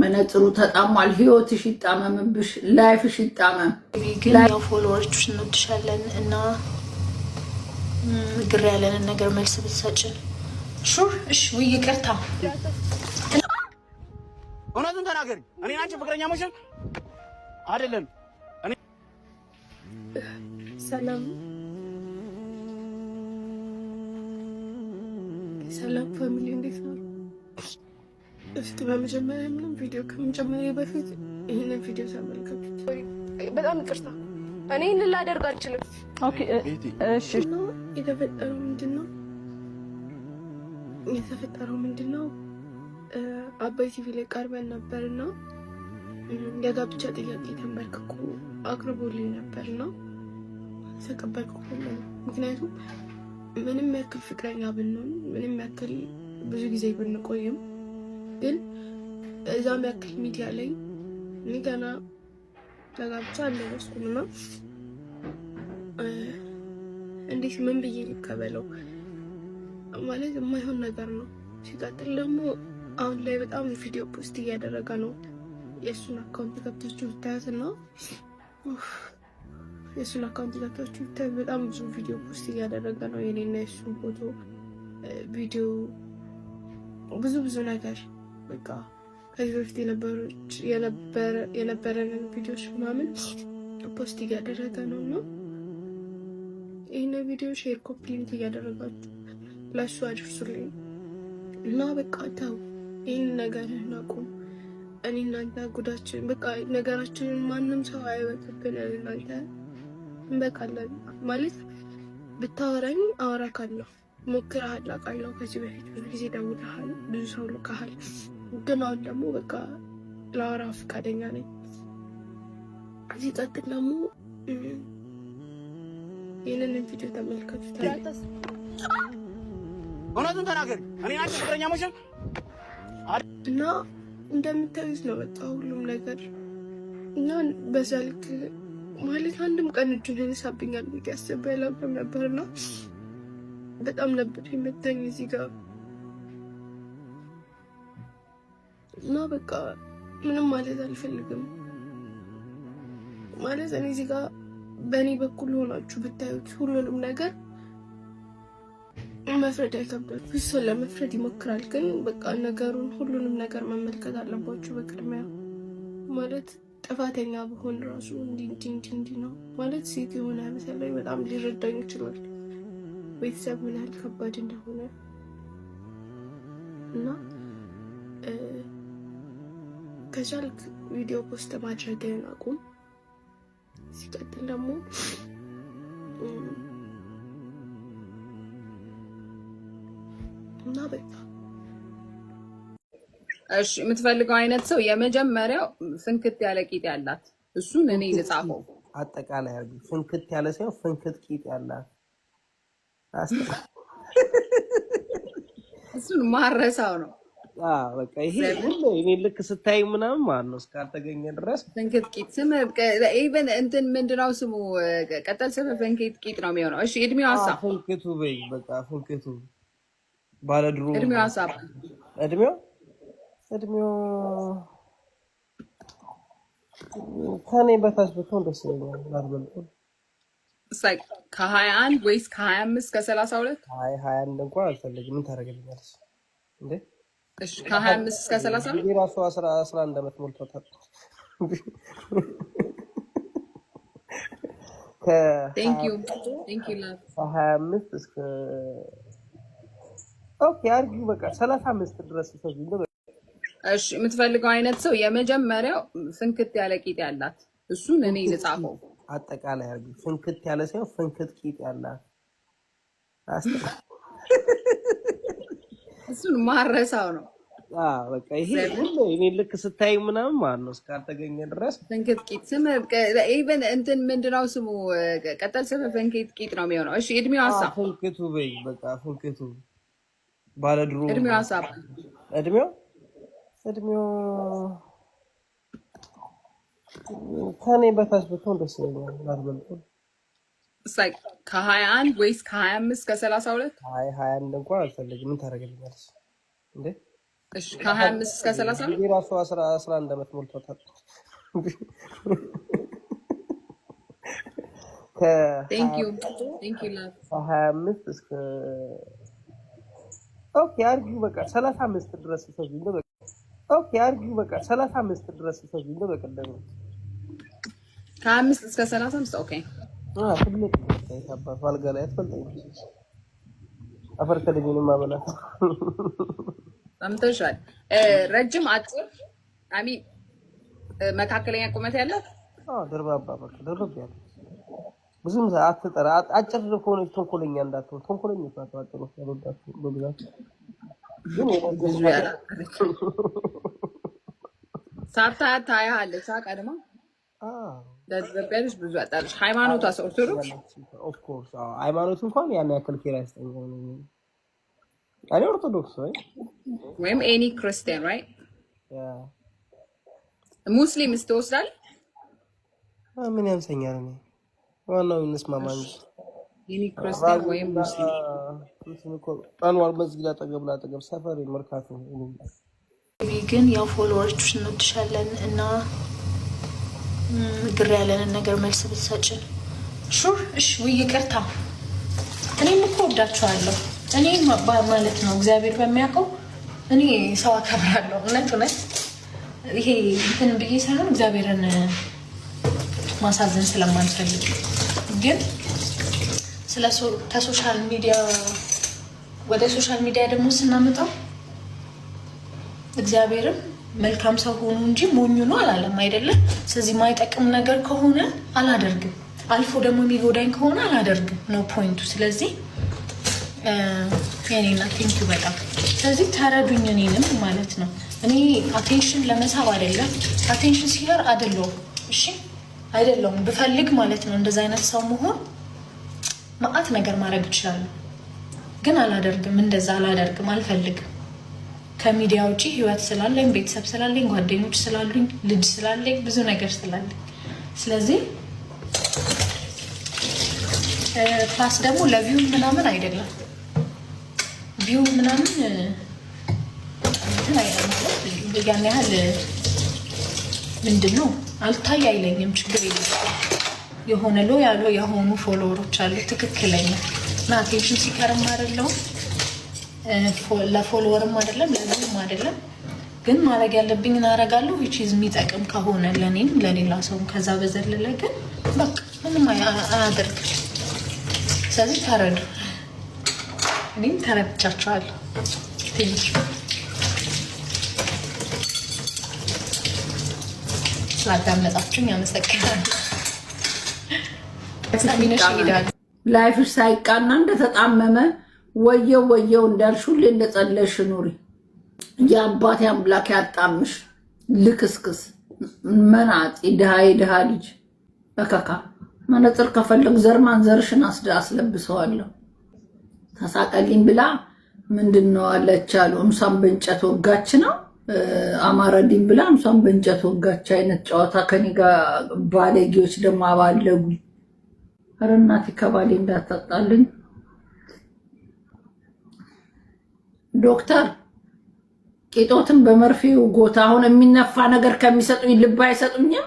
መነጽሩ ተጣሟል። ህይወትሽ ይጣመምብሽ፣ ላይፍሽ ይጣመም። ግን ያው እንወድሻለን እና ግር ያለንን ነገር መልስ ብትሰጭን ሹር። እሺ ወይ ይቅርታ፣ እውነቱን ተናገሪ። እኔ ናቸው ፍቅረኛ ሞሽን አይደለም ሰላም ሰላም ፋሚሊ እንዴት ነው? እስቲ በመጀመሪያ ምንም ቪዲዮ ከመጀመሪያ በፊት ይህንን ቪዲዮ ተመልከቱት። በጣም ይቅርታ እኔ ይህን ላደርግ አልችልም። የተፈጠረው ምንድን ነው? የተፈጠረው ምንድን ነው? አባይ ቲቪ ላይ ቀርበን ነበርና የጋብቻ ጥያቄ ተንበርክኮ አቅርቦልኝ ነበር እና ተቀበልኩ። ምክንያቱም ምንም ያክል ፍቅረኛ ብንሆን ምንም ያክል ብዙ ጊዜ ብንቆይም ግን እዛም ያክል ሚዲያ ላይ እኔ ገና ለጋብቻ አልደረስኩም እና እንዴት ምን ብዬ ልቀበለው ማለት የማይሆን ነገር ነው። ሲቀጥል ደግሞ አሁን ላይ በጣም ቪዲዮ ፖስት እያደረገ ነው። የእሱን አካውንት ገብታችሁ ብታያት ነው የእሱን አካውንት ገብታችሁ ብታይ በጣም ብዙ ቪዲዮ ፖስት እያደረገ ነው። የኔና የእሱን ፎቶ ቪዲዮ፣ ብዙ ብዙ ነገር በቃ ከዚህ በፊት የነበረንን ቪዲዮች ምናምን ፖስት እያደረገ ነው እና ይህን ቪዲዮ ሼር ኮፕሊንት ሊንክ እያደረጋችሁ ለእሱ አድርሱልኝ እና በቃ ተው ይህን ነገር አቁም። እኔ እናንተ ጉዳችን በቃ ነገራችንን ማንም ሰው አይበትብን። እናንተ እንበቃለን ማለት ብታወራኝ አወራካለሁ፣ ሞክረሃል፣ አውቃለሁ። ከዚህ በፊት ብዙ ጊዜ ደውልሃል፣ ብዙ ሰው ልካሃል። ግን አሁን ደግሞ በቃ ለአወራ ፈቃደኛ ነኝ። እዚህ ቀጥል ደግሞ ይህንን ቪዲዮ ተመልከቱት። እውነቱን ተናገር እኔ ናቸው ፍቅረኛ ሞሽን እና እንደምታዩት ነው በቃ ሁሉም ነገር እና በዛ ልክ ማለት አንድም ቀን እጁን ያነሳብኛል ብዬ አስቤ አላውቅም ነበርና በጣም ነበር የመታኝ እዚህ ጋር እና በቃ ምንም ማለት አልፈልግም። ማለት እኔ እዚህ ጋር በእኔ በኩል ሆናችሁ ብታዩት ሁሉንም ነገር መፍረድ አይከብድም። ብዙ ሰው ለመፍረድ ይሞክራል፣ ግን በቃ ነገሩን ሁሉንም ነገር መመልከት አለባችሁ በቅድሚያ ማለት ጥፋተኛ በሆን ራሱ እንዲ እንዲ ነው ማለት ሴት የሆነ መሰለኝ በጣም ሊረዳኝ ይችላል። ቤተሰብ ምን ያህል ከባድ እንደሆነ እና ከቻልክ ቪዲዮ ፖስት ማድረግህን አቁም። ሲቀጥል ደግሞ ቡና በቃ እሺ፣ የምትፈልገው አይነት ሰው የመጀመሪያው ፍንክት ያለ ቂጥ ያላት እሱን እኔ ልጻፈው። አጠቃላይ አርጊ። ፍንክት ያለ ሰው ፍንክት ቂጥ ያላት እሱን ማረሳው ነው። በቃ ይሄ ሁሉ እኔ ልክ ስታይ ምናምን ማለት ነው እስካልተገኘ ድረስ ፍንክት ቂጥ ስም ኢቨን እንትን ምንድነው ስሙ? ቀጠል ስም ፍንክት ቂጥ ነው የሚሆነው። እሺ እድሜው አሳ ፍንክቱ በይ በቃ ፍንክቱ ባለ እድሜው ሀሳብ እድሜው እድሜው ከኔ በታች ብትሆን ደስ ይለኛል። ላትበልጥም ከሀያ አንድ ወይስ ከሀያ አምስት ከሰላሳ ሁለት ሀያ አንድ እንኳን ምን ታደርግልኛለች እንዴ? ከሀያ አምስት እስከ ሰላሳ ሁለት ራሱ አስራ አንድ ከሀያ አምስት እስከ ኦኬ አርጊ በቃ ሰላሳ አምስት ድረስ እሺ። የምትፈልገው አይነት ሰው የመጀመሪያው ፍንክት ያለ ቂጥ ያላት እሱን እኔ ልጻፈው። አጠቃላይ አርጊ ፍንክት ያለ ሳይሆን ፍንክት ቂጥ ያላት እሱን ማረሳው ነው። በቃ ይሄ እኔ ልክ ስታይ ምናምን ማለት ነው እስካልተገኘ ድረስ ፍንክት ቂጥ ስም ኢቨን እንትን ምንድነው ስሙ? ቀጠል ስም ፍንክት ቂጥ ነው የሚሆነው። እሺ እድሜው ፍንክቱ በይ በቃ ፍንክቱ ባለድሮ እድሜው እድሜው ከኔ በታች ብትሆን ደስ ይለኛል። ከሀያ አንድ ወይስ ከሀያ አምስት ከሰላሳ ሁለት ሀያ አንድ እንኳን አልፈልግም። ምን ታደርግልኛለች እንዴ? ከሀያ አምስት እስከ ሰላሳ አስራ አንድ ዓመት ሞልቶታል። ከሀያ አምስት እስከ ኦኬ አድርጊው በቃ ሰላሳ አምስት ድረስ ይሰዙ እንደ በቃ ኦኬ አድርጊው በቃ ሰላሳ አምስት ድረስ ይሰዙ እንደ በቀደም ከአምስት እስከ ሰላሳ አምስት ኦኬ አልጋ ላይ አትፈልጠኝ አፈር ከልጅን ማበላት ሰምተሻል ረጅም አጭር አሚ መካከለኛ ቁመት ያላት ደርባባ በቃ ደርብ ያለ ብዙም አትጠራ አጭር ከሆነች ተንኮለኛ እንዳትሆን። ተንኮለኛ ናቸው አጭሮች በብዛት ግን ሳታ ታያለች። ቀድማ ለኢትዮጵያኖች ብዙ ያጣለች ሃይማኖት እንኳን ያን ያክል ኬር አይሰጠኝ። እኔ ኦርቶዶክስ ወይ ወይም ኤኒ ክርስቲያን ራይት ሙስሊም ስትወስዳል ምን ያንሰኛል እኔ ዋናው እንስማማ እንጂ አንዋር መስጊድ አጠገብ ላጠገብ ሰፈር መርካቶ ግን ያው ፎሎወሮች እንወድሻለን እና ግር ያለንን ነገር መልስ ብትሰጭን። ሹር እሺ። ወይ ይቅርታ፣ እኔም እኮ ወዳችኋለሁ። እኔ ማለት ነው እግዚአብሔር በሚያውቀው እኔ ሰው አከብራለሁ። እውነት እውነት ይሄ እንትን ብዬ ሳይሆን እግዚአብሔርን ማሳዘን ስለማንፈልግ ግን ከሶሻል ሚዲያ ወደ ሶሻል ሚዲያ ደግሞ ስናመጣው እግዚአብሔርም መልካም ሰው ሆኑ እንጂ ሞኙ ነው አላለም አይደለም። ስለዚህ ማይጠቅም ነገር ከሆነ አላደርግም፣ አልፎ ደግሞ የሚጎዳኝ ከሆነ አላደርግም ነው ፖይንቱ። ስለዚህ የኔና ቴንኪ በጣም ስለዚህ ተረዱኝ፣ እኔንም ማለት ነው። እኔ አቴንሽን ለመሳብ አይደለም፣ አቴንሽን ሲለር አደለው እሺ አይደለሁም። ብፈልግ ማለት ነው እንደዚ አይነት ሰው መሆን መዓት ነገር ማድረግ እችላለሁ፣ ግን አላደርግም። እንደዛ አላደርግም፣ አልፈልግም። ከሚዲያ ውጪ ህይወት ስላለኝ፣ ቤተሰብ ስላለኝ፣ ጓደኞች ስላሉኝ፣ ልጅ ስላለኝ፣ ብዙ ነገር ስላለኝ ስለዚህ ፕላስ ደግሞ ለቪው ምናምን አይደለም ቪው ምናምን ያን ያህል ምንድን ነው አልታይ አይለኝም። ችግር የለም የሆነ ሎ ያለው የሆኑ ፎሎወሮች አሉ። ትክክለኛ እና አቴንሽን ሲከርም አይደለሁም ለፎሎወርም አይደለም ለምንም አይደለም። ግን ማድረግ ያለብኝ አደርጋለሁ። ዊች ኢዝ የሚጠቅም ከሆነ ለእኔም ለሌላ ሰውም። ከዛ በዘለለ ግን በቃ ምንም አያደርግ። ስለዚህ ተረዱ። እኔም ተረድቻቸዋለሁ ትንሽ ስላዳመጣችሁኝ ያመሰግናል። ላይፍሽ ሳይቃና እንደተጣመመ ወየው ወየው እንዳልሽ ሁሌ እንደጸለሽ ኑሪ። የአባት አምላክ ያጣምሽ። ልክስክስ መናጢ ድሃ የድሃ ልጅ በከካ መነፅር ከፈለግ ዘርማን ዘርሽን አስደ አስለብሰዋለሁ። ተሳቀልኝ ብላ ምንድን ነው አለች አሉ። እምሷን በእንጨት ወጋች ነው አማራ ዲን ብላ እሷን በእንጨት ወጋች አይነት ጨዋታ ከኔ ጋር ባለጌዎች ደግሞ አባለጉ። ኧረ እናቴ ከባሌ እንዳታጣልኝ ዶክተር ቄጦትን በመርፌው ጎታ አሁን የሚነፋ ነገር ከሚሰጡኝ ልብ አይሰጡኝም።